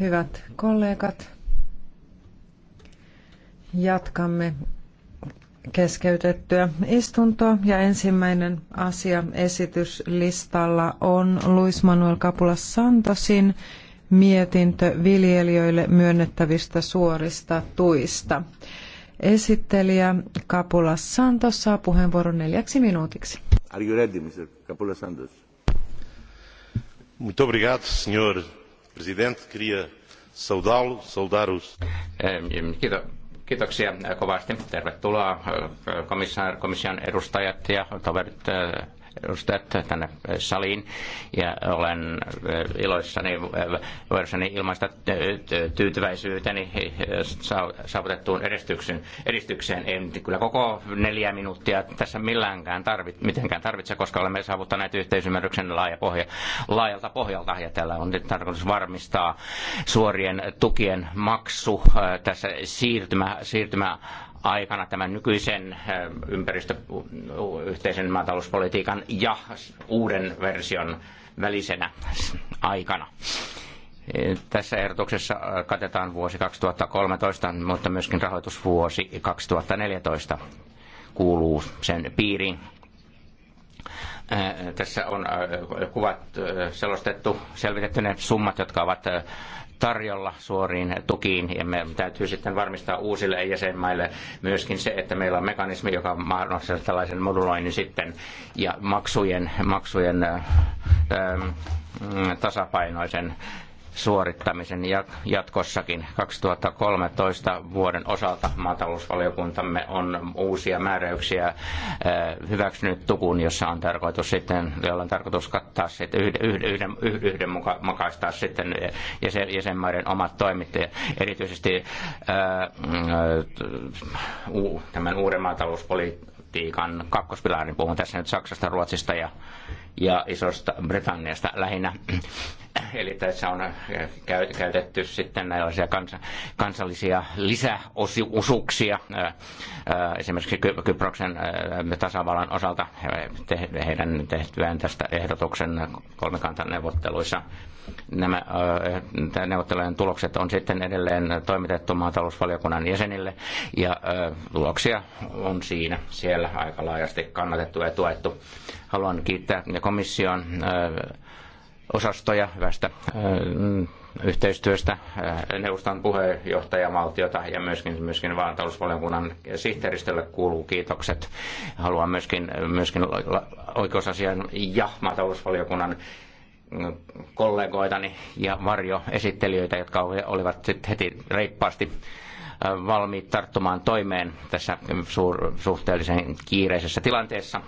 Hyvät kollegat, jatkamme keskeytettyä istuntoa ja ensimmäinen asia esityslistalla on Luis Manuel Capula Santosin mietintö viljelijöille myönnettävistä suorista tuista. Esittelijä Capula Santos saa puheenvuoron neljäksi minuutiksi. Are you ready, Mr. Capula Santos? Muito obrigado, senhor presidente. Queria saudá-lo, saudar os... Kiitoksia kovasti. Tervetuloa komission edustajat ja toverit edustajat tänne eh, saliin ja olen eh, iloissani eh, voidessani ilmaista tyytyväisyyteni saavutettuun edistykseen. edistykseen. kyllä koko neljä minuuttia tässä milläänkään tarvit, mitenkään tarvitse, koska olemme saavuttaneet yhteisymmärryksen laaja pohja, laajalta pohjalta ja täällä on nyt tarkoitus varmistaa suorien tukien maksu tässä siirtymä, siirtymä aikana tämän nykyisen ympäristöyhteisen maatalouspolitiikan ja uuden version välisenä aikana. E, tässä ehdotuksessa katetaan vuosi 2013, mutta myöskin rahoitusvuosi 2014 kuuluu sen piiriin. E, tässä on kuvat selostettu, selvitetty ne summat, jotka ovat tarjolla suoriin tukiin ja me täytyy sitten varmistaa uusille jäsenmaille myöskin se, että meillä on mekanismi, joka mahdollistaa tällaisen moduloinnin sitten ja maksujen, maksujen ähm, tasapainoisen suorittamisen jatkossakin. 2013 vuoden osalta maatalousvaliokuntamme on uusia määräyksiä äh, hyväksynyt tukun, jossa on tarkoitus sitten, jolla on tarkoitus kattaa sitten yhden, yhden, yhden muka, makaistaa sitten äh, jäsenmaiden omat toimittajat. Erityisesti äh, tämän uuden maatalouspolitiikan kakkospilarin puhun tässä nyt Saksasta, Ruotsista ja, ja Isosta Britanniasta lähinnä Eli tässä on eh, käytetty sitten näillaisia kansallisia lisäosuuksia eh, eh, esimerkiksi Kyproksen tasavallan osalta heidän tehtyään tästä ehdotuksen kolmikantaneuvotteluissa. Nämä neuvottelujen tulokset on sitten edelleen toimitettu maatalousvaliokunnan jäsenille ja tuloksia on siinä siellä aika laajasti kannatettu ja tuettu. Haluan kiittää komission osastoja hyvästä yhteistyöstä neuvoston puheenjohtajavaltiota ja myöskin, myöskin vaan talousvaliokunnan sihteeristölle kuuluu kiitokset. Haluan myöskin, myöskin oikeusasian ja maatalousvaliokunnan kollegoitani ja varjoesittelijöitä, jotka olivat heti reippaasti valmiit tarttumaan toimeen tässä suur, suhteellisen kiireisessä tilanteessa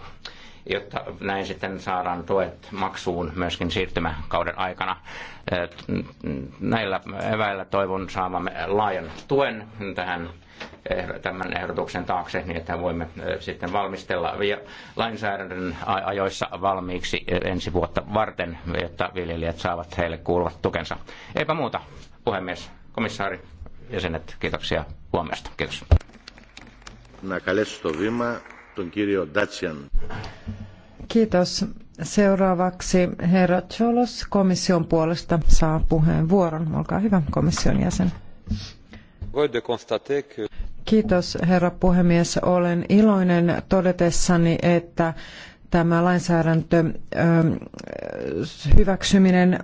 jotta näin sitten saadaan tuet maksuun myöskin siirtymäkauden aikana. Näillä eväillä toivon saavamme laajan tuen tähän tämän ehdotuksen taakse, niin että voimme sitten valmistella lainsäädännön ajoissa valmiiksi ensi vuotta varten, jotta viljelijät saavat heille kuuluvat tukensa. Eipä muuta, puhemies, komissaari, jäsenet, kiitoksia huomiosta. Kiitos. Να καλέσω Kiitos. Seuraavaksi herra Cholos komission puolesta saa puheenvuoron. Olkaa hyvä, komission jäsen. Kiitos herra puhemies. Olen iloinen todetessani, että tämä lainsäädäntö hyväksyminen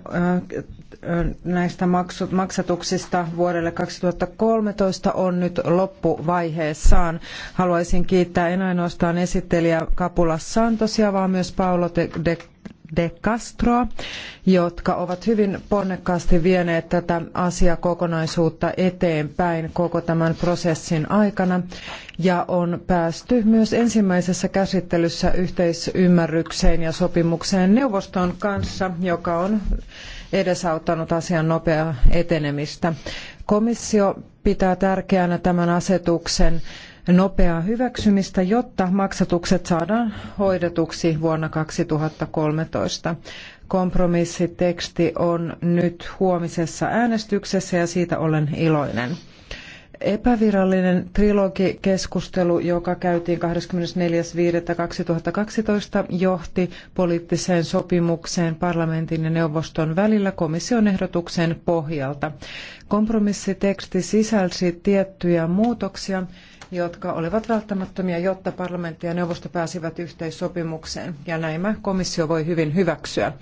näistä maksatuksista vuodelle 2013 on nyt loppuvaiheessaan. Haluaisin kiittää en ainoastaan esittelijä Kapula Santosia, vaan myös Paolo de de Castroa, jotka ovat hyvin ponnekkaasti vieneet tätä asiakokonaisuutta eteenpäin koko tämän prosessin aikana. Ja on päästy myös ensimmäisessä käsittelyssä yhteisymmärrykseen ja sopimukseen neuvoston kanssa, joka on edesauttanut asian nopeaa etenemistä. Komissio pitää tärkeänä tämän asetuksen nopeaa hyväksymistä, jotta maksatukset saadaan hoidetuksi vuonna 2013. Kompromissiteksti on nyt huomisessa äänestyksessä ja siitä olen iloinen epävirallinen trilogikeskustelu, joka käytiin 24.5.2012, johti poliittiseen sopimukseen parlamentin ja neuvoston välillä komission ehdotuksen pohjalta. Kompromissiteksti sisälsi tiettyjä muutoksia, jotka olivat välttämättömiä, jotta parlamentti ja neuvosto pääsivät yhteissopimukseen, ja näimä komissio voi hyvin hyväksyä.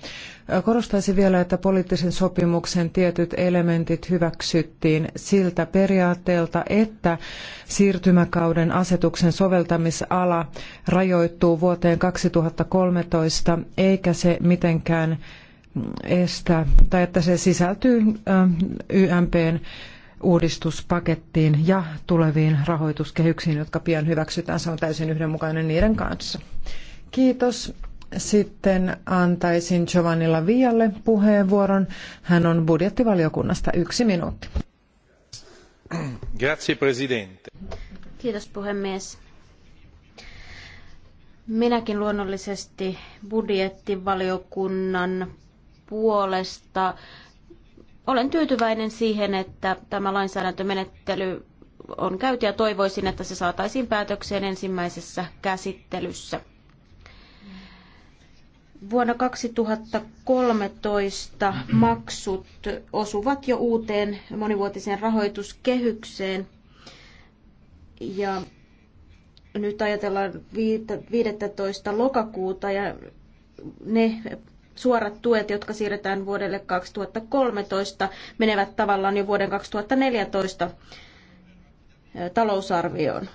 Korostaisin vielä, että poliittisen sopimuksen tietyt elementit hyväksyttiin siltä periaatteelta, että siirtymäkauden asetuksen soveltamisala rajoittuu vuoteen 2013, eikä se mitenkään estä, tai että se sisältyy YMPn uudistuspakettiin ja tuleviin rahoituskehyksiin, jotka pian hyväksytään. Se on täysin yhdenmukainen niiden kanssa. Kiitos. Sitten antaisin Giovannilla Vialle puheenvuoron. Hän on budjettivaliokunnasta yksi minuutti. Grazie, presidente. Kiitos puhemies. Minäkin luonnollisesti budjettivaliokunnan puolesta olen tyytyväinen siihen, että tämä lainsäädäntömenettely on käyty ja toivoisin, että se saataisiin päätökseen ensimmäisessä käsittelyssä. Vuonna 2013 maksut osuvat jo uuteen monivuotiseen rahoituskehykseen. Ja nyt ajatellaan 15. lokakuuta ja ne suorat tuet, jotka siirretään vuodelle 2013, menevät tavallaan jo vuoden 2014 talousarvioon.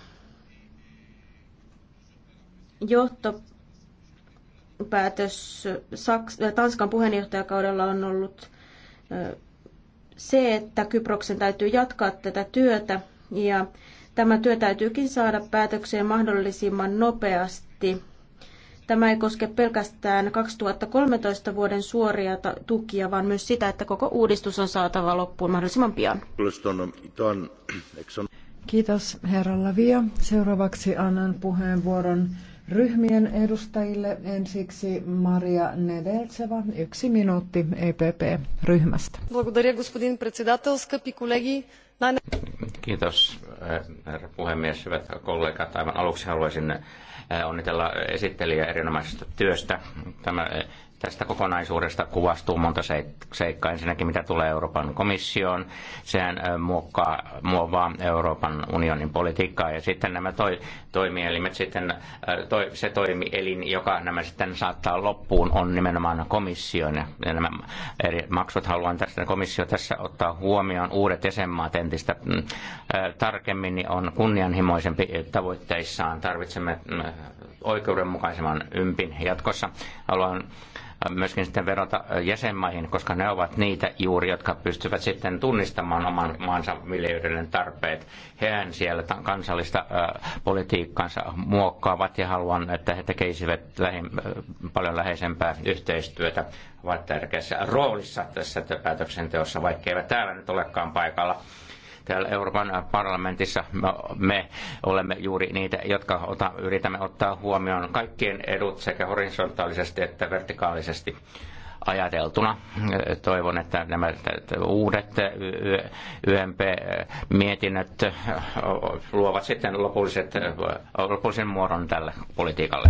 Johtopäätös päätös Tanskan puheenjohtajakaudella on ollut se, että Kyproksen täytyy jatkaa tätä työtä ja tämä työ täytyykin saada päätökseen mahdollisimman nopeasti. Tämä ei koske pelkästään 2013 vuoden suoria tukia, vaan myös sitä, että koko uudistus on saatava loppuun mahdollisimman pian. Kiitos herra Lavia. Seuraavaksi annan puheenvuoron ryhmien edustajille. Ensiksi Maria Nedeltseva, yksi minuutti EPP-ryhmästä. Kiitos herra puhemies, hyvät kollegat. Aivan aluksi haluaisin onnitella esittelijä erinomaisesta työstä. Tämä tästä kokonaisuudesta kuvastuu monta seikkaa. Ensinnäkin mitä tulee Euroopan komissioon, sehän muokkaa, muovaa Euroopan unionin politiikkaa ja sitten nämä toi, toimielimet, sitten, toi, se toimielin, joka nämä sitten saattaa loppuun, on nimenomaan komission ja nämä eri maksut haluan tästä komissio tässä ottaa huomioon uudet jäsenmaat entistä mm, tarkemmin, niin on kunnianhimoisempi tavoitteissaan. Tarvitsemme mm, oikeudenmukaisemman ympin jatkossa. Haluan myöskin sitten verota jäsenmaihin, koska ne ovat niitä juuri, jotka pystyvät sitten tunnistamaan oman maansa viljelijöiden tarpeet. Hehän siellä kansallista politiikkaansa muokkaavat ja haluan, että he tekisivät lähin, paljon läheisempää yhteistyötä, ovat tärkeässä roolissa tässä päätöksenteossa, vaikka eivät täällä nyt olekaan paikalla Täällä Euroopan parlamentissa me olemme juuri niitä, jotka ota, yritämme ottaa huomioon kaikkien edut sekä horisontaalisesti että vertikaalisesti ajateltuna. Toivon, että nämä uudet YMP-mietinnöt luovat sitten lopulliset, lopullisen muodon tälle politiikalle.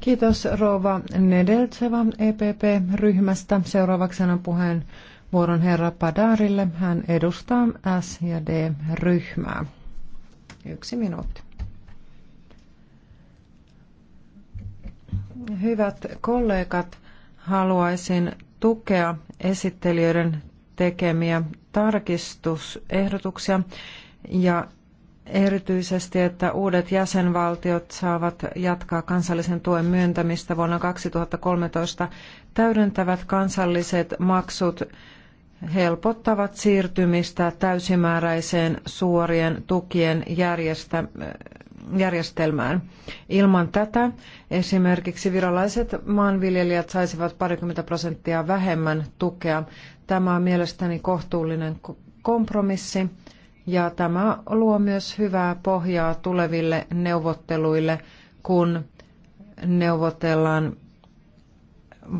Kiitos Rova Nedeltseva EPP-ryhmästä. Seuraavaksi on puheen vuoron herra Padarille. Hän edustaa S- ja D-ryhmää. Yksi minuutti. Hyvät kollegat, haluaisin tukea esittelijöiden tekemiä tarkistusehdotuksia ja erityisesti, että uudet jäsenvaltiot saavat jatkaa kansallisen tuen myöntämistä vuonna 2013 täydentävät kansalliset maksut helpottavat siirtymistä täysimääräiseen suorien tukien järjestä, järjestelmään. Ilman tätä esimerkiksi virolaiset maanviljelijät saisivat parikymmentä prosenttia vähemmän tukea. Tämä on mielestäni kohtuullinen kompromissi ja tämä luo myös hyvää pohjaa tuleville neuvotteluille, kun neuvotellaan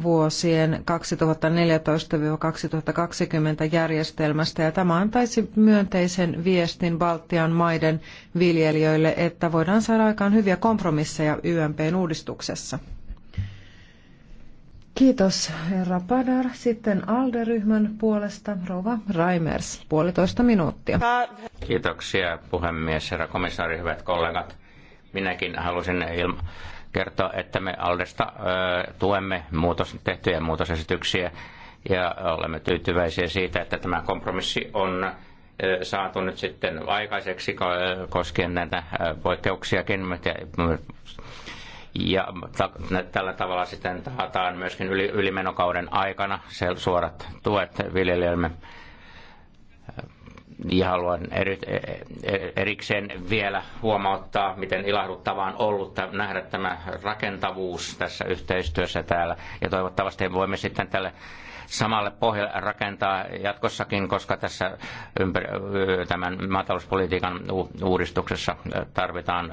vuosien 2014-2020 järjestelmästä ja tämä antaisi myönteisen viestin Baltian maiden viljelijöille, että voidaan saada aikaan hyviä kompromisseja YMPn uudistuksessa. Kiitos herra Padar. Sitten ALDE-ryhmän puolesta Rova Raimers, puolitoista minuuttia. Kiitoksia puhemies, herra komissaari, hyvät kollegat. Minäkin halusin ilmoittaa kertoa, että me Aldesta tuemme muutos, tehtyjä muutosesityksiä ja olemme tyytyväisiä siitä, että tämä kompromissi on saatu nyt sitten aikaiseksi koskien näitä poikkeuksiakin. Ja tällä tavalla sitten taataan myöskin yli, ylimenokauden aikana suorat tuet viljelijöille ja niin haluan e, e, erikseen vielä huomauttaa, miten ilahduttavaa on ollut nähdä tämä rakentavuus tässä yhteistyössä täällä. Ja toivottavasti voimme sitten tälle samalle pohjalle rakentaa jatkossakin, koska tässä ympär- tämän maatalouspolitiikan uudistuksessa tarvitaan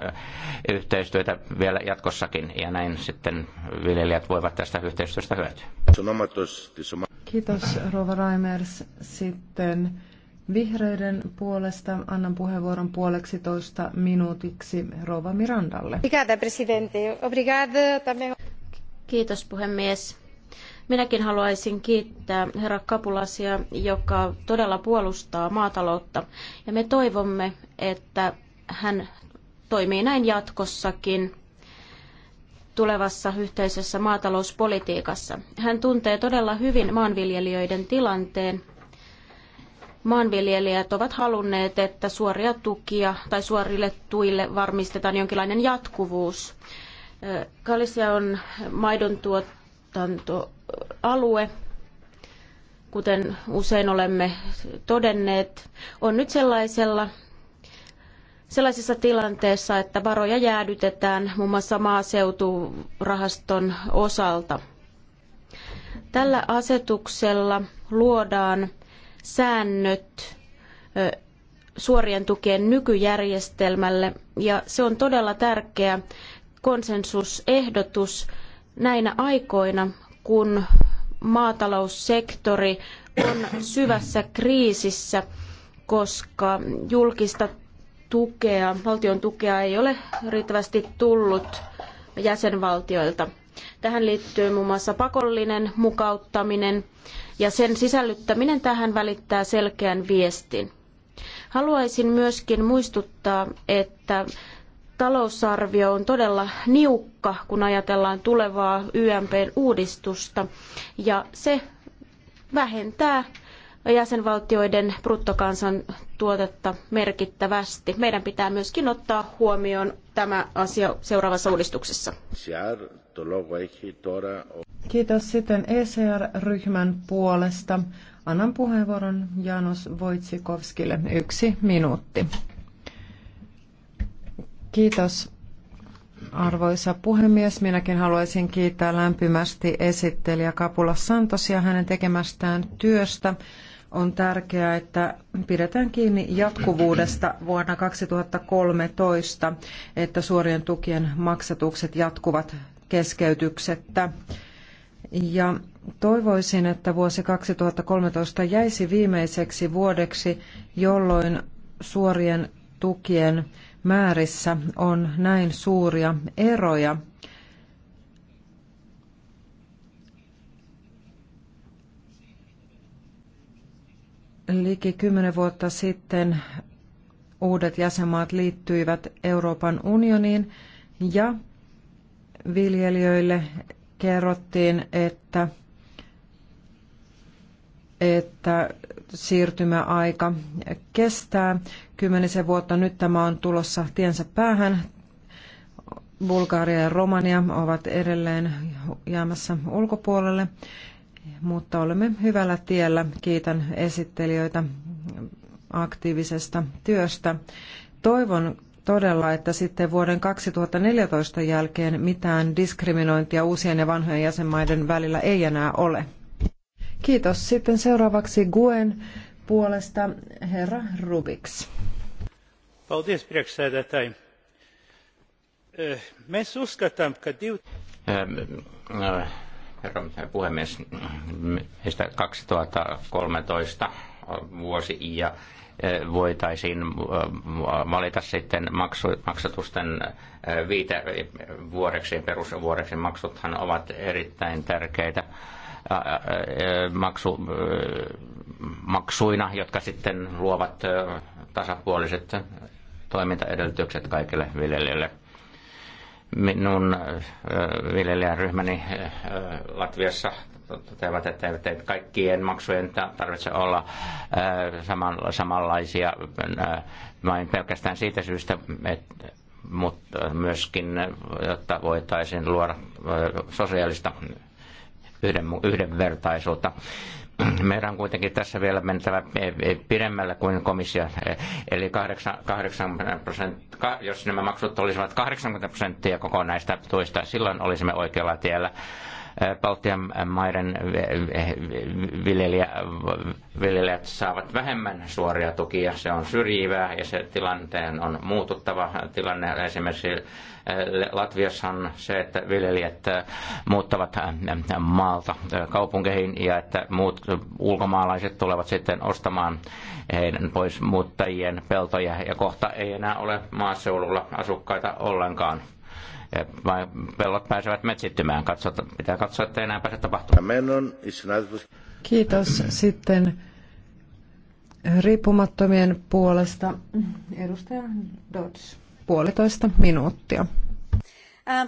yhteistyötä vielä jatkossakin, ja näin sitten viljelijät voivat tästä yhteistyöstä hyötyä. Kiitos Rova Raimers. Sitten Vihreiden puolesta annan puheenvuoron puoleksi toista minuutiksi Rova Mirandalle. Kiitos puhemies. Minäkin haluaisin kiittää herra Kapulasia, joka todella puolustaa maataloutta. Ja me toivomme, että hän toimii näin jatkossakin tulevassa yhteisessä maatalouspolitiikassa. Hän tuntee todella hyvin maanviljelijöiden tilanteen maanviljelijät ovat halunneet, että suoria tukia tai suorille tuille varmistetaan jonkinlainen jatkuvuus. Kalisia on maidon tuotantoalue, kuten usein olemme todenneet, on nyt sellaisella sellaisessa tilanteessa, että varoja jäädytetään muun muassa maaseuturahaston osalta. Tällä asetuksella luodaan säännöt suorien tukien nykyjärjestelmälle ja se on todella tärkeä konsensusehdotus näinä aikoina, kun maataloussektori on syvässä kriisissä, koska julkista tukea, valtion tukea ei ole riittävästi tullut jäsenvaltioilta. Tähän liittyy muun muassa pakollinen mukauttaminen ja sen sisällyttäminen tähän välittää selkeän viestin. Haluaisin myöskin muistuttaa, että talousarvio on todella niukka, kun ajatellaan tulevaa YMPn uudistusta, ja se vähentää jäsenvaltioiden bruttokansantuotetta merkittävästi. Meidän pitää myöskin ottaa huomioon tämä asia seuraavassa uudistuksessa. Kiitos sitten ECR-ryhmän puolesta. Annan puheenvuoron Janos Voitsikovskille. Yksi minuutti. Kiitos Arvoisa puhemies, minäkin haluaisin kiittää lämpimästi esittelijä Kapula Santosia hänen tekemästään työstä on tärkeää, että pidetään kiinni jatkuvuudesta vuonna 2013, että suorien tukien maksatukset jatkuvat keskeytyksettä. Ja toivoisin, että vuosi 2013 jäisi viimeiseksi vuodeksi, jolloin suorien tukien määrissä on näin suuria eroja Liki kymmenen vuotta sitten uudet jäsenmaat liittyivät Euroopan unioniin ja viljelijöille kerrottiin, että, että siirtymäaika kestää kymmenisen vuotta. Nyt tämä on tulossa tiensä päähän. Bulgaria ja Romania ovat edelleen jäämässä ulkopuolelle mutta olemme hyvällä tiellä. Kiitän esittelijöitä aktiivisesta työstä. Toivon todella, että sitten vuoden 2014 jälkeen mitään diskriminointia uusien ja vanhojen jäsenmaiden välillä ei enää ole. Kiitos. Sitten seuraavaksi Guen puolesta herra Rubiks. Me priekšsēdētāji. että eh, herra puhemies. Meistä 2013 vuosi ja e, voitaisiin e, valita sitten maksu, maksatusten e, viite vuodeksi ja perusvuodeksi. Maksuthan ovat erittäin tärkeitä maksu, maksuina, jotka sitten luovat tasapuoliset toimintaedellytykset kaikille viljelijöille – minun äh, viljelijäryhmäni äh, äh, Latviassa toteavat, että kaikkien maksujen tarvitse olla samanlaisia vain pelkästään siitä syystä, että mutta myöskin, jotta voitaisiin luoda sosiaalista yhden, yhdenvertaisuutta. meidän on kuitenkin tässä vielä mentävä e, e, pidemmälle kuin komissio. E, eli 8, 8 prosenttia, jos nämä maksut olisivat 80 prosenttia koko näistä tuista, silloin olisimme oikealla tiellä. Baltian maiden viljelijät saavat vähemmän suoria tukia. Se on syrjivää ja se tilanteen on muututtava tilanne. Esimerkiksi eh, Latviassa on se, että viljelijät eh, muuttavat eh, maalta kaupunkeihin ja että muut ulkomaalaiset tulevat sitten ostamaan heidän pois muuttajien peltoja ja kohta ei enää ole maaseudulla asukkaita ollenkaan pellot pääsevät metsittymään. Katsota, pitää katsoa, että enää pääse tapahtumaan. Kiitos. Sitten riippumattomien puolesta edustaja Dodds. Puolitoista minuuttia. Um,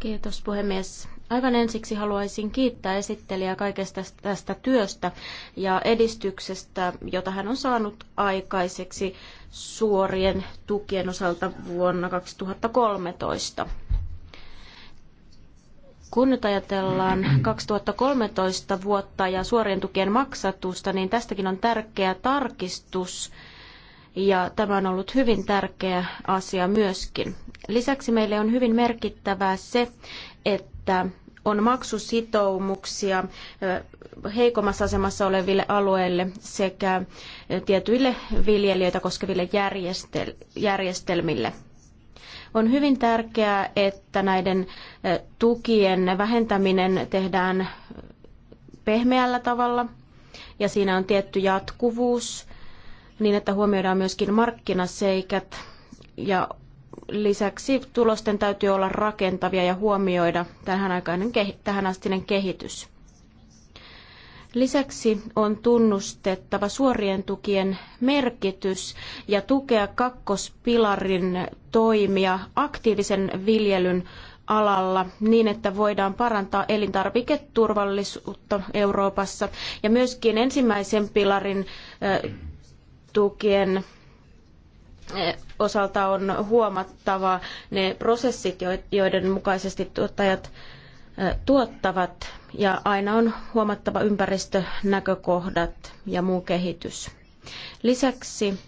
Kiitos puhemies. Aivan ensiksi haluaisin kiittää esittelijää kaikesta tästä työstä ja edistyksestä, jota hän on saanut aikaiseksi suorien tukien osalta vuonna 2013. Kun nyt ajatellaan 2013 vuotta ja suorien tukien maksatusta, niin tästäkin on tärkeä tarkistus ja tämä on ollut hyvin tärkeä asia myöskin. Lisäksi meille on hyvin merkittävää se, että on maksusitoumuksia heikommassa asemassa oleville alueille sekä tietyille viljelijöitä koskeville järjestelmille. On hyvin tärkeää, että näiden tukien vähentäminen tehdään pehmeällä tavalla ja siinä on tietty jatkuvuus niin, että huomioidaan myöskin markkinaseikat ja lisäksi tulosten täytyy olla rakentavia ja huomioida tähän aikainen, tähänastinen kehitys. Lisäksi on tunnustettava suorien tukien merkitys ja tukea kakkospilarin toimia aktiivisen viljelyn alalla niin, että voidaan parantaa elintarviketurvallisuutta Euroopassa ja myöskin ensimmäisen pilarin tukien osalta on huomattava ne prosessit, joiden mukaisesti tuottajat tuottavat ja aina on huomattava ympäristönäkökohdat ja muu kehitys. Lisäksi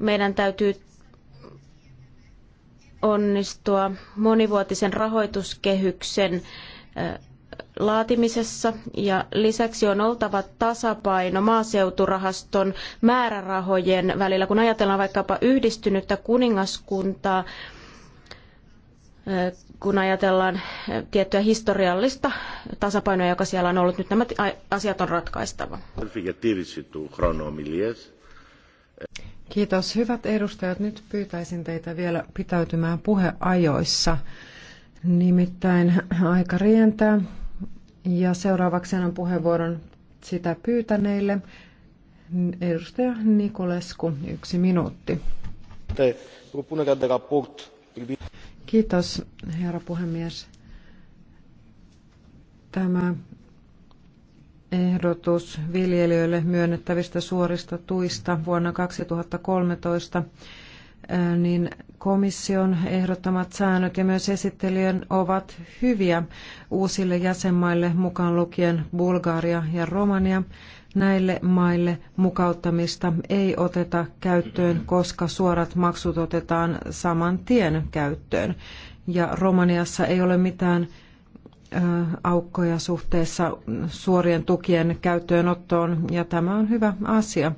meidän täytyy onnistua monivuotisen rahoituskehyksen laatimisessa ja lisäksi on oltava tasapaino maaseuturahaston määrärahojen välillä. Kun ajatellaan vaikkapa yhdistynyttä kuningaskuntaa, eh, kun ajatellaan eh, tiettyä historiallista tasapainoa, joka siellä on ollut, nyt nämä asiat on ratkaistava. Kiitos. Hyvät edustajat, nyt pyytäisin teitä vielä pitäytymään puheajoissa. Nimittäin aika rientää. Ja seuraavaksi annan puheenvuoron sitä pyytäneille. Edustaja Nikolesku, yksi minuutti. Kiitos, herra puhemies. Tämä ehdotus viljelijöille myönnettävistä suorista tuista vuonna 2013 niin komission ehdottamat säännöt ja myös esittelijän ovat hyviä uusille jäsenmaille, mukaan lukien Bulgaria ja Romania. Näille maille mukauttamista ei oteta käyttöön, koska suorat maksut otetaan saman tien käyttöön. Ja Romaniassa ei ole mitään aukkoja suhteessa suorien tukien käyttöönottoon, ja tämä on hyvä asia.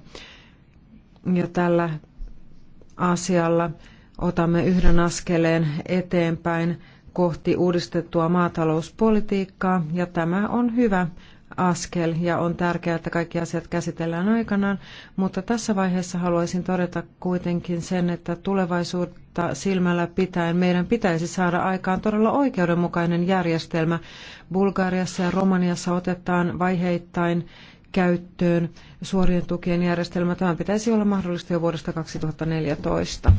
Ja tällä asialla otamme yhden askeleen eteenpäin kohti uudistettua maatalouspolitiikkaa ja tämä on hyvä askel ja on tärkeää, että kaikki asiat käsitellään aikanaan, mutta tässä vaiheessa haluaisin todeta kuitenkin sen, että tulevaisuutta silmällä pitäen meidän pitäisi saada aikaan todella oikeudenmukainen järjestelmä. Bulgariassa ja Romaniassa otetaan vaiheittain käyttöön suorien tukien järjestelmä. Tämän pitäisi olla mahdollista jo vuodesta 2014.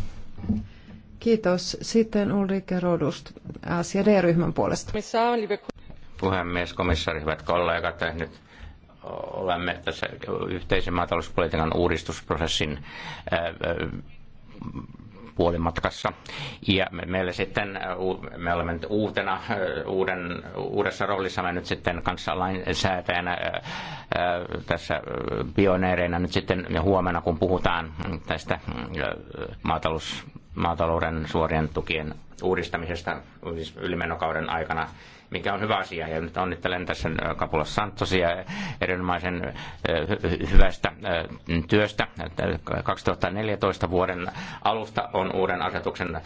Kiitos. Sitten Ulrike Rodust SJD-ryhmän puolesta. Puhemies, komissaari, hyvät kollegat, nyt olemme tässä yhteisen maatalouspolitiikan uudistusprosessin äh, äh, puolimatkassa. Ja me, meillä sitten, äh, me olemme nyt uutena, äh, uuden, uudessa roolissa me nyt sitten kanssa lainsäätäjänä äh, tässä pioneereina nyt sitten huomenna, kun puhutaan tästä maatalous maatalouden suorien tukien uudistamisesta siis ylimenokauden aikana, mikä on hyvä asia. Ja nyt onnittelen tässä äh, Kapula Santosia erinomaisen äh, hyvästä äh, työstä. 2014 vuoden alusta on uuden asetuksen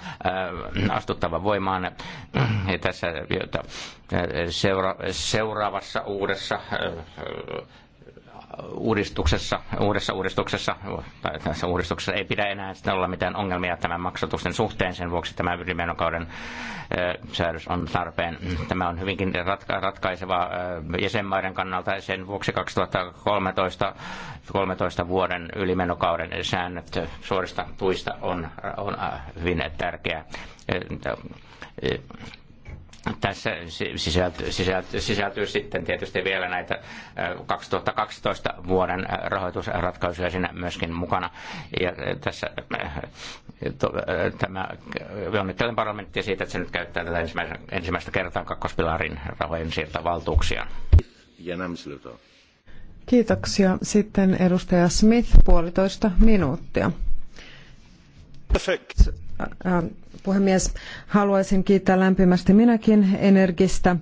astuttava voimaan. Ja tässä seura- seuraavassa uudessa uudistuksessa, uudessa uudistuksessa, tai tässä uudistuksessa ei pidä enää sitä olla mitään ongelmia tämän maksatusten suhteen, sen vuoksi tämä ylimenokauden säädös on tarpeen. Tämä on hyvinkin ratka- ratkaiseva jäsenmaiden kannalta, ja sen vuoksi 2013 13 vuoden ylimenokauden säännöt suorista tuista on, on hyvin tärkeä tässä sisältyy, sisältyy, sisältyy sitten tietysti vielä näitä 2012 vuoden rahoitusratkaisuja siinä myöskin mukana. Ja tässä to, tämä, onnittelen parlamenttia siitä, että se nyt käyttää tätä ensimmäistä, ensimmäistä kertaa kakkospilarin rahojen siirtovaltuuksia. Kiitoksia. Sitten edustaja Smith, puolitoista minuuttia. Perfect. Puhemies, haluaisin kiittää lämpimästi minäkin energistä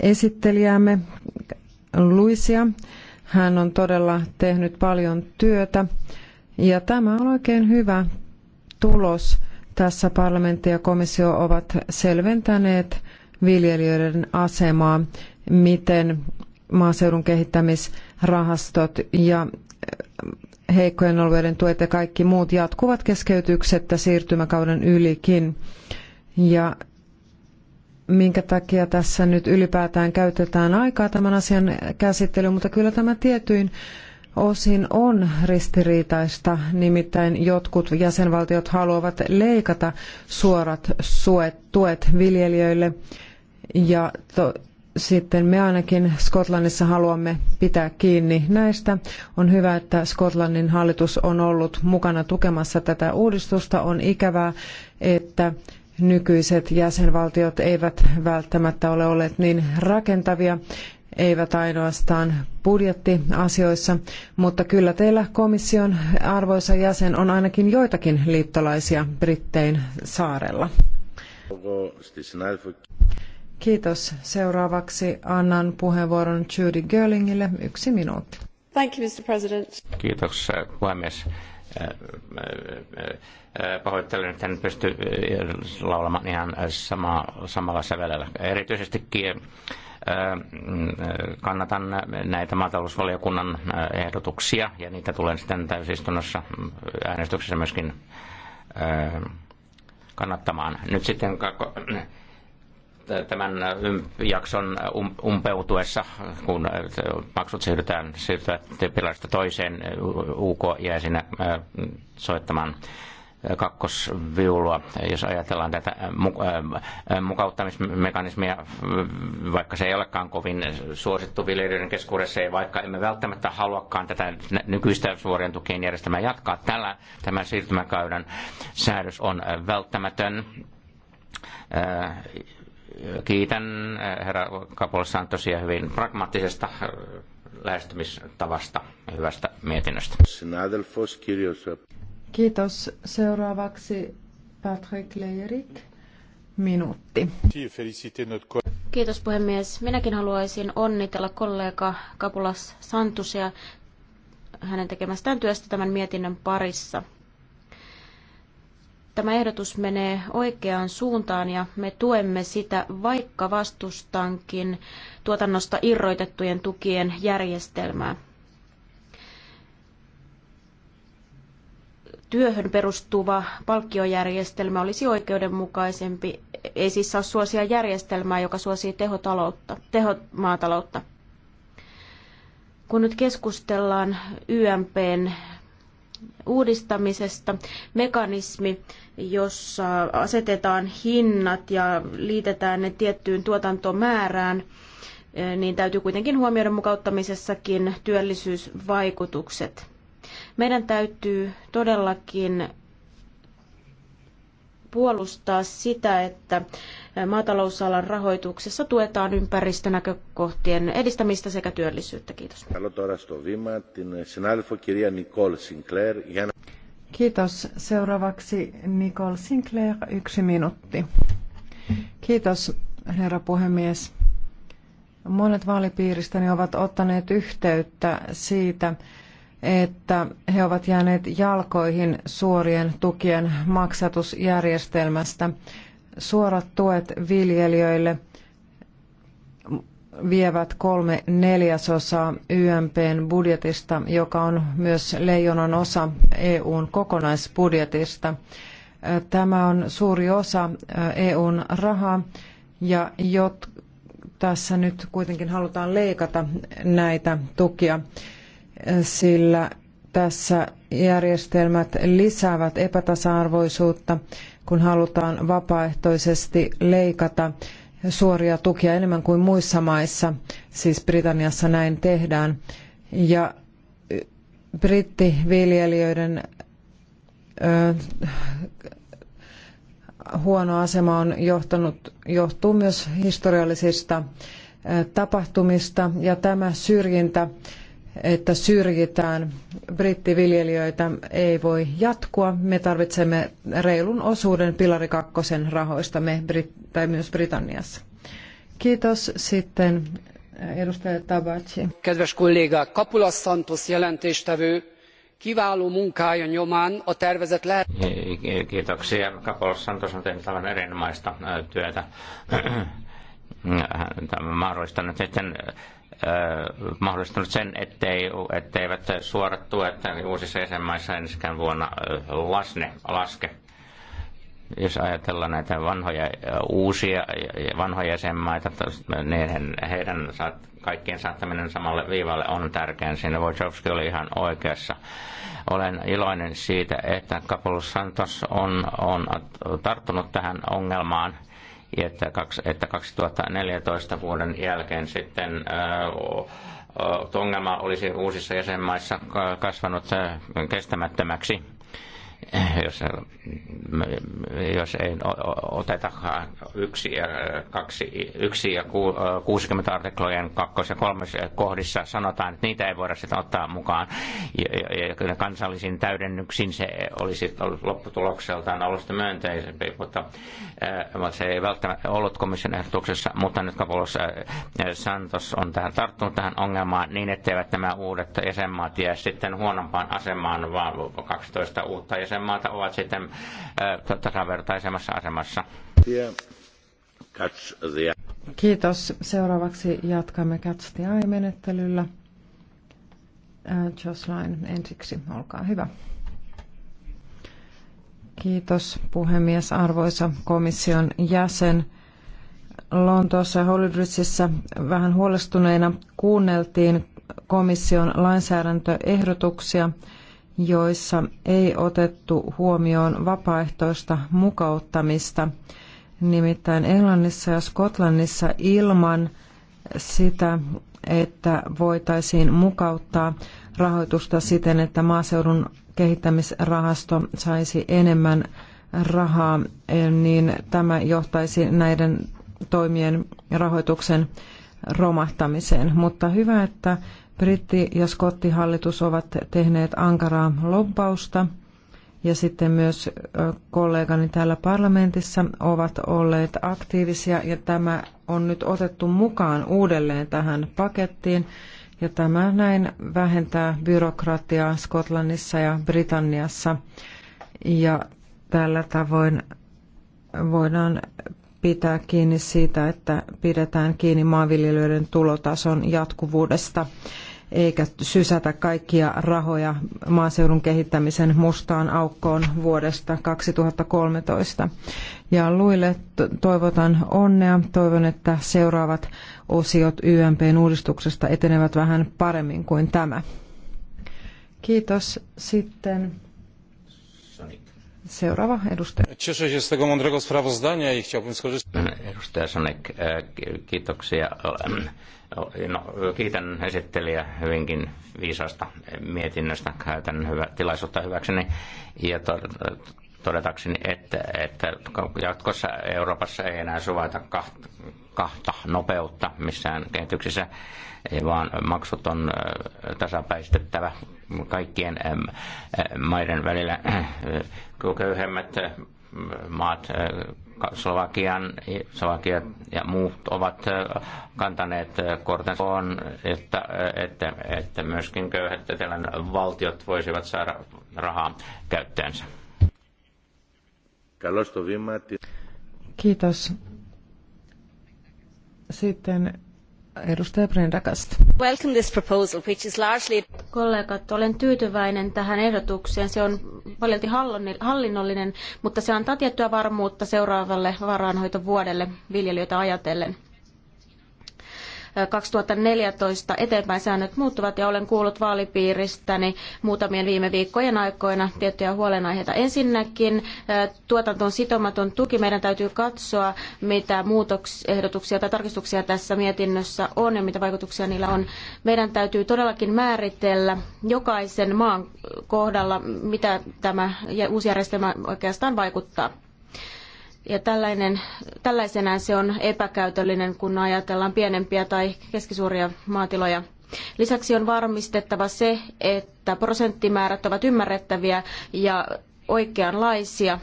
esittelijäämme Luisia. Hän on todella tehnyt paljon työtä ja tämä on oikein hyvä tulos. Tässä parlamentti ja komissio ovat selventäneet viljelijöiden asemaa, miten maaseudun kehittämisrahastot ja heikkojen alueiden tuet ja kaikki muut jatkuvat keskeytyksettä siirtymäkauden ylikin. Ja minkä takia tässä nyt ylipäätään käytetään aikaa tämän asian käsittelyyn, mutta kyllä tämä tietyin osin on ristiriitaista, nimittäin jotkut jäsenvaltiot haluavat leikata suorat suet, tuet viljelijöille ja to, sitten me ainakin Skotlannissa haluamme pitää kiinni näistä. On hyvä, että Skotlannin hallitus on ollut mukana tukemassa tätä uudistusta. On ikävää, että nykyiset jäsenvaltiot eivät välttämättä ole olleet niin rakentavia, eivät ainoastaan budjettiasioissa, mutta kyllä teillä komission arvoisa jäsen on ainakin joitakin liittolaisia Brittein saarella. Kiitos. Seuraavaksi annan puheenvuoron Judy Görlingille. Yksi minuutti. Thank you, Mr. President. Kiitos, puhemies pahoittelen, että en pysty laulamaan ihan sama, samalla sävelellä. Erityisesti kannatan näitä maatalousvaliokunnan ehdotuksia ja niitä tulen sitten täysistunnossa äänestyksessä myöskin kannattamaan. Nyt sitten tämän jakson um, umpeutuessa, kun maksut siirrytään, siirrytään pilasta toiseen, UK jää siinä soittamaan kakkosviulua, jos ajatellaan tätä mukauttamismekanismia, vaikka se ei olekaan kovin suosittu viljelijöiden keskuudessa, ei vaikka emme välttämättä haluakaan tätä nykyistä suorien tukien järjestelmää jatkaa, tällä tämä siirtymäkäydän säädös on välttämätön Kiitän eh, herra Kapol tosiaan hyvin pragmaattisesta eh, lähestymistavasta ja hyvästä mietinnöstä. Kiitos. Seuraavaksi Patrick Leirik, minuutti. Kiitos puhemies. Minäkin haluaisin onnitella kollega Kapulas Santusia hänen tekemästään työstä tämän mietinnön parissa. Tämä ehdotus menee oikeaan suuntaan ja me tuemme sitä, vaikka vastustankin tuotannosta irroitettujen tukien järjestelmää. Työhön perustuva palkkiojärjestelmä olisi oikeudenmukaisempi, ei siis saa suosia järjestelmää, joka suosii tehotaloutta, tehomaataloutta. Kun nyt keskustellaan YMPn uudistamisesta mekanismi, jossa asetetaan hinnat ja liitetään ne tiettyyn tuotantomäärään, eh, niin täytyy kuitenkin huomioida mukauttamisessakin työllisyysvaikutukset. Meidän täytyy todellakin puolustaa sitä, että maatalousalan rahoituksessa tuetaan ympäristönäkökohtien edistämistä sekä työllisyyttä. Kiitos. Kiitos. Seuraavaksi Nicole Sinclair, yksi minuutti. Kiitos, herra puhemies. Monet vaalipiiristäni ovat ottaneet yhteyttä siitä, että he ovat jääneet jalkoihin suorien tukien maksatusjärjestelmästä. Suorat tuet viljelijöille vievät kolme neljäsosaa YMPn budjetista, joka on myös leijonan osa EUn kokonaisbudjetista. Tämä on suuri osa EUn rahaa ja jot, tässä nyt kuitenkin halutaan leikata näitä tukia, sillä tässä järjestelmät lisäävät epätasa-arvoisuutta kun halutaan vapaaehtoisesti leikata suoria tukia enemmän kuin muissa maissa, siis Britanniassa näin tehdään. Ja brittiviljelijöiden ö, huono asema on johtanut, johtuu myös historiallisista tapahtumista ja tämä syrjintä että syrjitään brittiviljelijöitä ei voi jatkua. Me tarvitsemme reilun osuuden Pilari kakkosen rahoista me, tai myös Britanniassa. Kiitos sitten edustaja Tabaci. Kedves kolléga, Kapula Santos jelentéstevő kiváló munkája nyomán a tervezet lehet... Kiitoksia. Kapula Santos on tehnyt aivan erinomaista työtä. Tämä Mahdollistanut sitten mahdollistanut sen, ettei, etteivät suorat tuet uusissa jäsenmaissa ensikään vuonna lasne, laske. Jos ajatellaan näitä vanhoja uusia vanhoja jäsenmaita, niin heidän saat, kaikkien saattaminen samalle viivalle on tärkeää. Siinä Wojciechowski oli ihan oikeassa. Olen iloinen siitä, että Kapolus Santos on, on tarttunut tähän ongelmaan – että, 2014 vuoden jälkeen sitten ongelma olisi uusissa jäsenmaissa kasvanut kestämättömäksi jos, jos ei oteta yksi ja, kaksi, yksi ja ku, 60 artiklojen kakkos- ja kolmas kohdissa sanotaan, että niitä ei voida sitten ottaa mukaan. Ja, ja, ja kansallisiin täydennyksiin se olisi ollut lopputulokseltaan ollut myönteisempi, mutta, eh, mutta se ei välttämättä ollut komission ehdotuksessa, mutta nyt Kapolos eh, Santos on tähän tarttunut tähän ongelmaan niin, etteivät nämä uudet jäsenmaat jää sitten huonompaan asemaan, vaan 12 uutta jäsenmaat ovat sitten tasavertaisemmassa asemassa. Kiitos. Seuraavaksi jatkamme Catch the Eye-menettelyllä. Joslain ensiksi, olkaa hyvä. Kiitos puhemies, arvoisa komission jäsen. Lontoossa Hollywoodissa vähän huolestuneina kuunneltiin komission lainsäädäntöehdotuksia – joissa ei otettu huomioon vapaaehtoista mukauttamista. Nimittäin Englannissa ja Skotlannissa ilman sitä, että voitaisiin mukauttaa rahoitusta siten, että maaseudun kehittämisrahasto saisi enemmän rahaa, niin tämä johtaisi näiden toimien rahoituksen romahtamiseen. Mutta hyvä, että Britti- ja skottihallitus ovat tehneet ankaraa lobbausta ja sitten myös kollegani täällä parlamentissa ovat olleet aktiivisia ja tämä on nyt otettu mukaan uudelleen tähän pakettiin ja tämä näin vähentää byrokratiaa Skotlannissa ja Britanniassa ja tällä tavoin voidaan pitää kiinni siitä, että pidetään kiinni maanviljelijöiden tulotason jatkuvuudesta eikä sysätä kaikkia rahoja maaseudun kehittämisen mustaan aukkoon vuodesta 2013. Ja Luille toivotan onnea. Toivon, että seuraavat osiot YMPn uudistuksesta etenevät vähän paremmin kuin tämä. Kiitos. Sitten Seuraava edustaja. Cieszę się z tego mądrego sprawozdania i chciałbym skorzystać. Edustaja Sonek, e, kiitoksia. No, kiitän esittelijä hyvinkin viisaasta mietinnöstä. Käytän hyvä, tilaisuutta hyväkseni ja to, todetakseni, että, että jatkossa Euroopassa ei enää suvaita kahta, kahta nopeutta missään kehityksessä, vaan maksut on e, tasapäistettävä kaikkien e, maiden välillä köyhemmät eh, maat, eh, Slovakian, Slovakia ja muut ovat eh, kantaneet kortensa on, että, että, että myöskin köyhät etelän valtiot voisivat saada rahaa käyttöönsä. Kiitos. Sitten Edustaja Brenda Welcome this proposal, which is largely... Kollegat, olen tyytyväinen tähän ehdotukseen. Se on paljolti hallinnollinen, mutta se antaa tiettyä varmuutta seuraavalle varainhoitovuodelle viljelijöitä ajatellen. 2014 eteenpäin säännöt muuttuvat ja olen kuullut vaalipiiristäni muutamien viime viikkojen aikoina tiettyjä huolenaiheita. Ensinnäkin tuotantoon sitomaton tuki. Meidän täytyy katsoa, mitä muutosehdotuksia tai tarkistuksia tässä mietinnössä on ja mitä vaikutuksia niillä on. Meidän täytyy todellakin määritellä jokaisen maan kohdalla, mitä tämä uusi järjestelmä oikeastaan vaikuttaa. Ja tällainen, tällaisenään se on epäkäytöllinen, kun ajatellaan pienempiä tai keskisuuria maatiloja. Lisäksi on varmistettava se, että prosenttimäärät ovat ymmärrettäviä ja oikeanlaisia.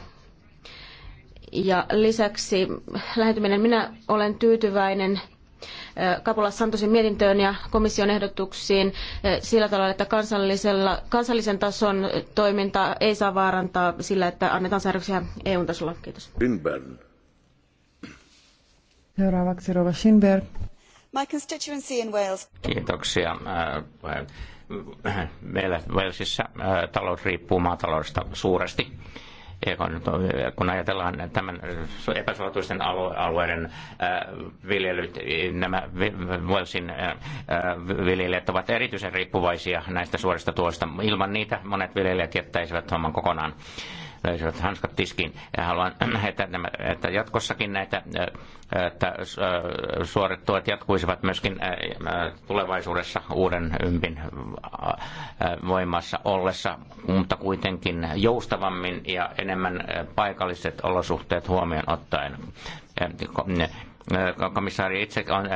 Ja lisäksi lähentyminen, minä olen tyytyväinen Kapula Santosin mietintöön ja komission ehdotuksiin eh, sillä tavalla, että kansallisella, kansallisen tason toiminta ei saa vaarantaa sillä, että annetaan säädöksiä EU-tasolla. Kiitos. Finberg. Seuraavaksi Rova Schinberg. My constituency in Wales. Kiitoksia. Meillä eh, eh, Walesissa talous riippuu maataloudesta suuresti kun ajatellaan tämän epäsuotuisten alueiden viljelyt, nämä Walesin viljelijät ovat erityisen riippuvaisia näistä suorista tuosta. Ilman niitä monet viljelijät jättäisivät homman kokonaan veisivät hanskat tiskiin. Ja haluan, että, nämä, että jatkossakin näitä että suoret jatkuisivat myöskin tulevaisuudessa uuden ympin voimassa ollessa, mutta kuitenkin joustavammin ja enemmän paikalliset olosuhteet huomioon ottaen komissaari itse on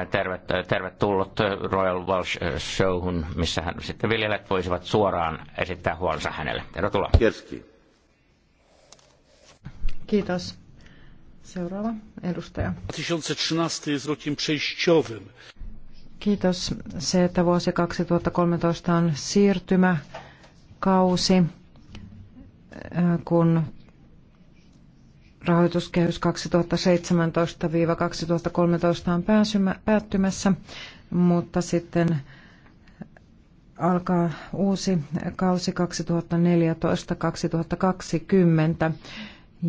tervetullut Royal Welsh Showhun, missä hän sitten viljelijät voisivat suoraan esittää huolensa hänelle. Tervetuloa. Kerski. Kiitos. Seuraava edustaja. 2013 jest rokiem przejściowym. Kiitos. Se, että vuosi 2013 on siirtymäkausi, e, kun rahoituskehys 2017-2013 on pääsymä, päättymässä, mutta sitten alkaa uusi kausi 2014-2020.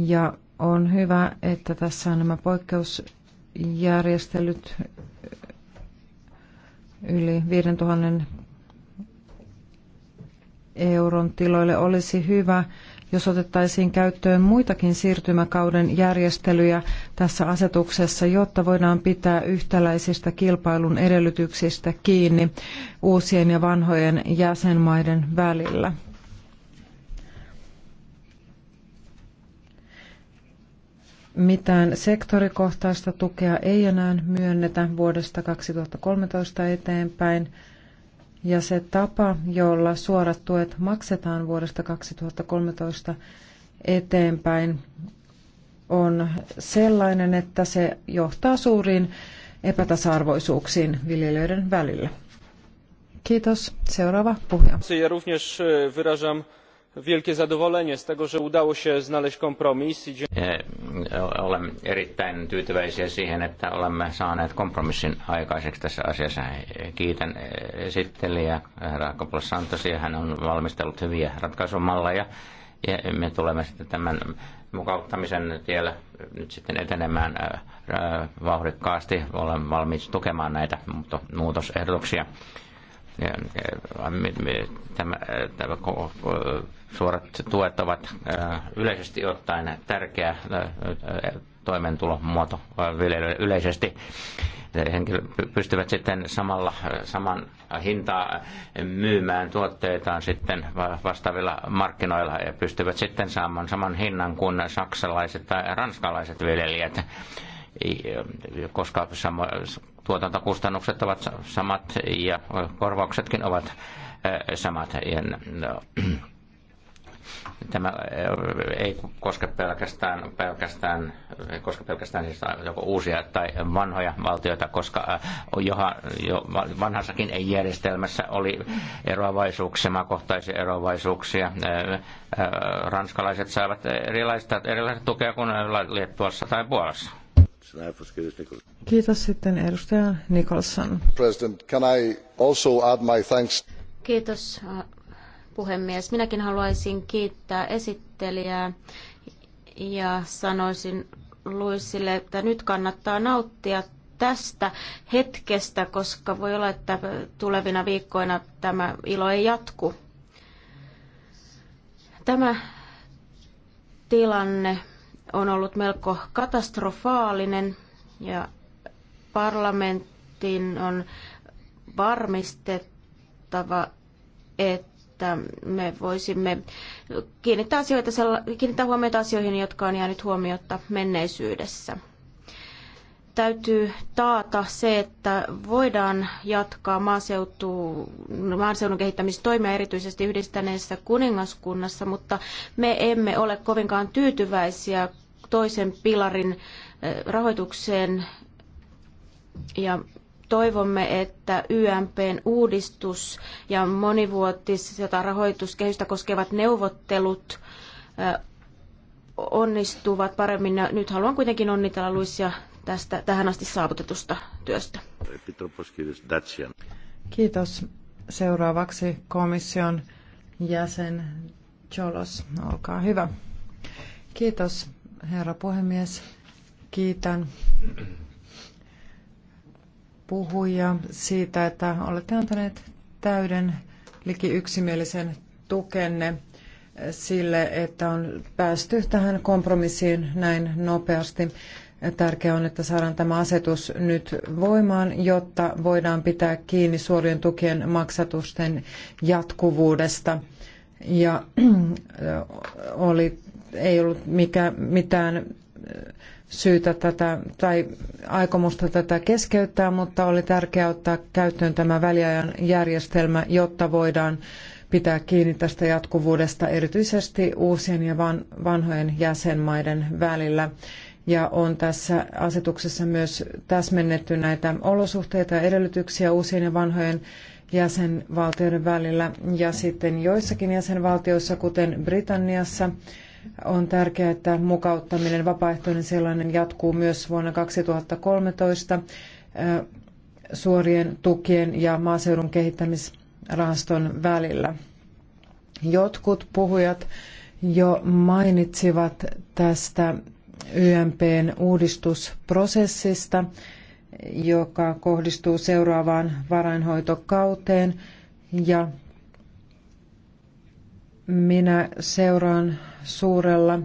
Ja on hyvä, että tässä on nämä poikkeusjärjestelyt yli 5000 euron tiloille olisi hyvä, jos otettaisiin käyttöön muitakin siirtymäkauden järjestelyjä tässä asetuksessa, jotta voidaan pitää yhtäläisistä kilpailun edellytyksistä kiinni uusien ja vanhojen jäsenmaiden välillä. Mitään sektorikohtaista tukea ei enää myönnetä vuodesta 2013 eteenpäin, ja se tapa, jolla suorat tuet maksetaan vuodesta 2013 eteenpäin, on sellainen, että se johtaa suuriin epätasa-arvoisuuksiin viljelijöiden välillä. Kiitos. Seuraava puhuja. E, wielkie zadowolenie z tego, że udało się znaleźć kompromis. E, olen erittäin tyytyväinen siihen, että olemme saaneet kompromissin aikaiseksi tässä asiassa. Kiitän e, esittelijä Raakopla Santosia. Hän on valmistellut hyviä ratkaisumalleja. Ja me tulemme sitten tämän mukauttamisen tiellä nyt sitten etenemään e, vauhdikkaasti. Olen valmis tukemaan näitä muutosehdotuksia tämä, tämä, suorat tuet ovat yleisesti ottaen tärkeä toimeentulomuoto viljelijöille yleisesti. Henkilö pystyvät sitten samalla, saman hintaa myymään tuotteitaan sitten vastaavilla markkinoilla ja pystyvät sitten saamaan saman hinnan kuin saksalaiset tai ranskalaiset viljelijät koska tuotantokustannukset ovat samat ja korvauksetkin ovat samat. No, tämä ei koske pelkästään, pelkästään, ei koske pelkästään siis joko uusia tai vanhoja valtioita, koska johan, jo vanhassakin järjestelmässä oli eroavaisuuksia, maakohtaisia eroavaisuuksia. Ranskalaiset saavat erilaista, erilaista tukea kuin Liettuassa tai Puolassa Kiitos sitten edustaja Nicholson. President, can I also add my thanks? Kiitos puhemies. Minäkin haluaisin kiittää esittelijää ja sanoisin Luisille, että nyt kannattaa nauttia tästä hetkestä, koska voi olla, että tulevina viikkoina tämä ilo ei jatku. Tämä tilanne on ollut melko katastrofaalinen ja parlamentin on varmistettava, että me voisimme kiinnittää, asioita, kiinnittää huomiota asioihin, jotka on jäänyt huomiota menneisyydessä täytyy taata se, että voidaan jatkaa maaseutu, maaseudun kehittämistoimia erityisesti yhdistäneessä kuningaskunnassa, mutta me emme ole kovinkaan tyytyväisiä toisen pilarin eh, rahoitukseen ja toivomme, että YMPn uudistus ja monivuotista rahoituskehystä koskevat neuvottelut eh, onnistuvat paremmin. nyt haluan kuitenkin onnitella Luisia tästä tähän asti saavutetusta työstä. Kiitos. Seuraavaksi komission jäsen Cholos, olkaa hyvä. Kiitos, herra puhemies. Kiitän puhujia siitä, että olette antaneet täyden liki yksimielisen tukenne sille, että on päästy tähän kompromissiin näin nopeasti. Tärkeää on, että saadaan tämä asetus nyt voimaan, jotta voidaan pitää kiinni suorien tukien maksatusten jatkuvuudesta. Ja oli, ei ollut mikä, mitään syytä tätä tai aikomusta tätä keskeyttää, mutta oli tärkeää ottaa käyttöön tämä väliajan järjestelmä, jotta voidaan pitää kiinni tästä jatkuvuudesta erityisesti uusien ja vanhojen jäsenmaiden välillä ja on tässä asetuksessa myös täsmennetty näitä olosuhteita ja edellytyksiä uusien ja vanhojen jäsenvaltioiden välillä. Ja sitten joissakin jäsenvaltioissa, kuten Britanniassa, on tärkeää, että mukauttaminen, vapaaehtoinen sellainen, jatkuu myös vuonna 2013 suorien tukien ja maaseudun kehittämisrahaston välillä. Jotkut puhujat jo mainitsivat tästä YMPn uudistusprosessista, joka kohdistuu seuraavaan varainhoitokauteen. Ja minä seuraan suurella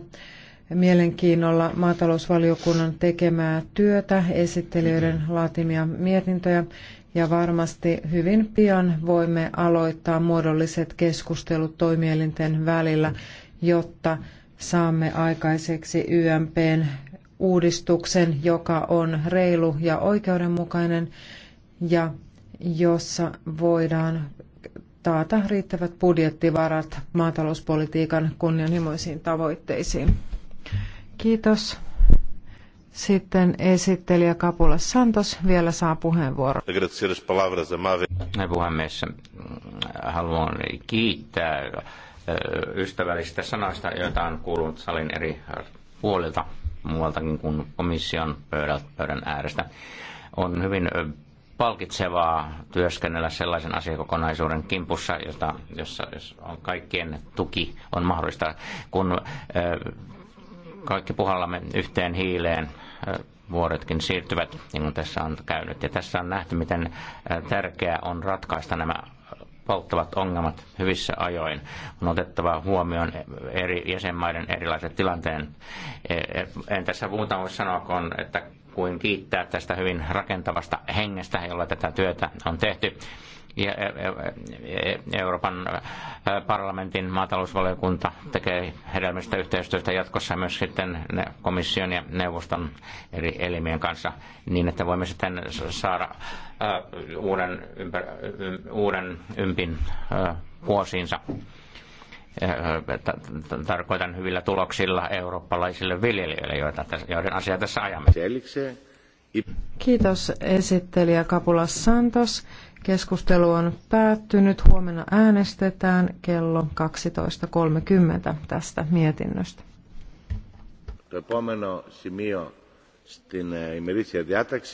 mielenkiinnolla maatalousvaliokunnan tekemää työtä, esittelijöiden laatimia mietintöjä ja varmasti hyvin pian voimme aloittaa muodolliset keskustelut toimielinten välillä, jotta saamme aikaiseksi YMPn uudistuksen, joka on reilu ja oikeudenmukainen ja jossa voidaan taata riittävät budjettivarat maatalouspolitiikan kunnianhimoisiin tavoitteisiin. Kiitos. Sitten esittelijä Kapula Santos vielä saa puheenvuoron. Puhemies, haluan kiittää ystävällisistä sanoista, joita on kuulunut salin eri puolilta muualtakin kuin komission pöydältä, pöydän äärestä. On hyvin palkitsevaa työskennellä sellaisen asiakokonaisuuden kimpussa, jota, jossa, jos on kaikkien tuki on mahdollista. Kun kaikki puhallamme yhteen hiileen, vuodetkin siirtyvät, niin kuin tässä on käynyt. Ja tässä on nähty, miten tärkeää on ratkaista nämä polttavat ongelmat hyvissä ajoin. On otettava huomioon eri jäsenmaiden erilaiset tilanteen. E, e, en tässä muuta voi sanoa, kun, että kuin kiittää tästä hyvin rakentavasta hengestä, jolla tätä työtä on tehty ja Euroopan äh, parlamentin maatalousvaliokunta tekee hedelmistä yhteistyötä jatkossa myös sitten komission ja neuvoston eri elimien kanssa niin, että voimme sitten saada äh, uuden, ympär, uuden ympin äh, vuosiinsa. Tarkoitan hyvillä tuloksilla eurooppalaisille viljelijöille, joita, joiden asiaa tässä ajamme. Kiitos esittelijä Kapula Santos. Keskustelu on päättynyt. Huomenna äänestetään kello 12.30 tästä mietinnöstä. Το επόμενο σημείο στην ημερήσια διάταξη